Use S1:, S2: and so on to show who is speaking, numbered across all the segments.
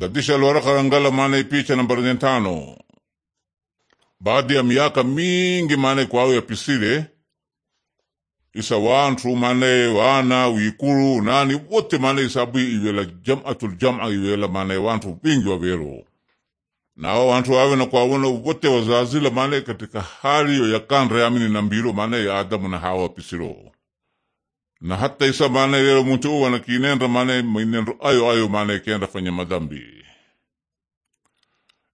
S1: Gadisha waraka la mane maana ipicha nambari tano. Baada ya miaka mingi maana kwawe yapisile isa wantu maana wana wikuru nani wote maana isabu iwela jamatul jamaa iwela maana wantu wingi wawero nao wantu wawe na kwawona wote wazazila mane katika hali yo yakanreamini na mbilo ya Adamu na Hawa wapisilo na hata isa mane yero muntu wana kinenda mane mwenendo ayo ayo mane kenda fanya madambi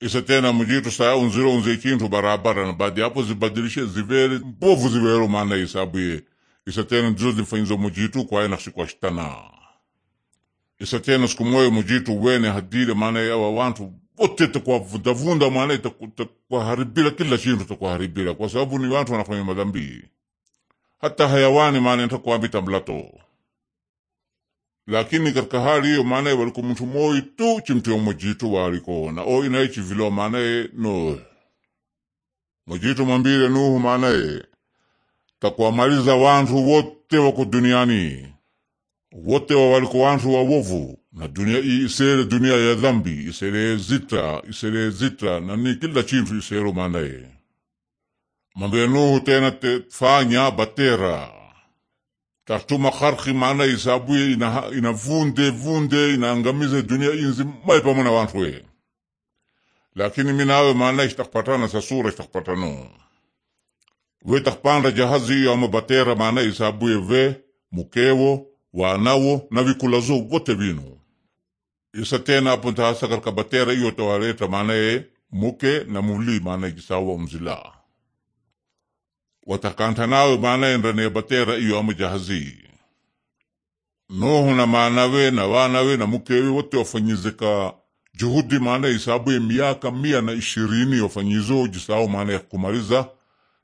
S1: isa tena mujitu saa unziro unze kintu barabara na badi hapo zibadilishe zivere mbovu zivero mane isabu ye isa tena nzo zifanyizo mujitu kwa ena shikuwa shitana isa tena siku moyo mujitu wene hadile mane yawa wantu wote takwa vunda vunda mane takwa haribila kila shintu takwa haribila kwa sababu ni wantu wanafanya madhambi hata hayawani maana vita mlato lakini katika hali hiyo maana waliko mtu moi tu chimtio mojitu warikona o vilo maana no mojitu mambire nuhu maanaye takuwamaliza wantu wote wako duniani wote wawaliko wantu wawovu na dunia i isere dunia ya dhambi isere zita isere zita nani kila chintu isero maanaye Mwambie Nuhu tena te fanya batera tatuma karki maana isabu inavunde vunde inaangamize dunia inzi mai pamoja na watu we lakini minawe maana itakpatana sasura sura itakpatano we takpanda jahazi iyo ama batera maana isabuye ve mukewo wanawo na vikulazo vote vinu isa tena apo karka batera iyo tawaleta ye muke na muli maana jisawa mzilaa watakantanawe manaendaniya batera iyo amajahazi nohu na manawe na wanawe na mukewe wote wafanyizeka juhudi maana isabu ya miaka mia na ishirini wafanyizo jisao maana ya kumaliza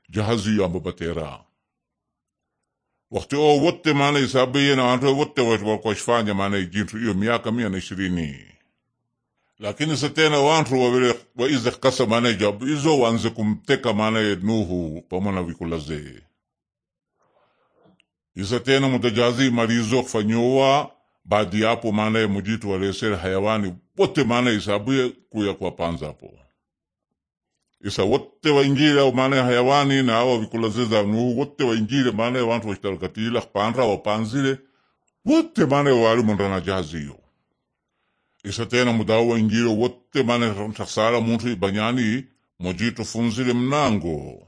S1: jahazi iyo ambabatera wakti o wote maana isabu na wantu wote wakwashifanya maana jintu iyo miaka mia na ishirini lakini se tena wantu wavile waize kasa mane jabu izo wanze kumteka mane Nuhu pamona vikulaze isa tena mutajazi marizo kufanyowa baadi yapo mane mujitu walesere hayawani wote maana isabuye kuya kwa panza po isa wote wainjile au mane hayawani na awa vikulaze za Nuhu wote wainjile mane wantu washitarakatila kupanra wapanzile wote maana wali mundana jazi yo isatena tena mudau wote mane tamsala muntu ibanyani mojito funzile mnango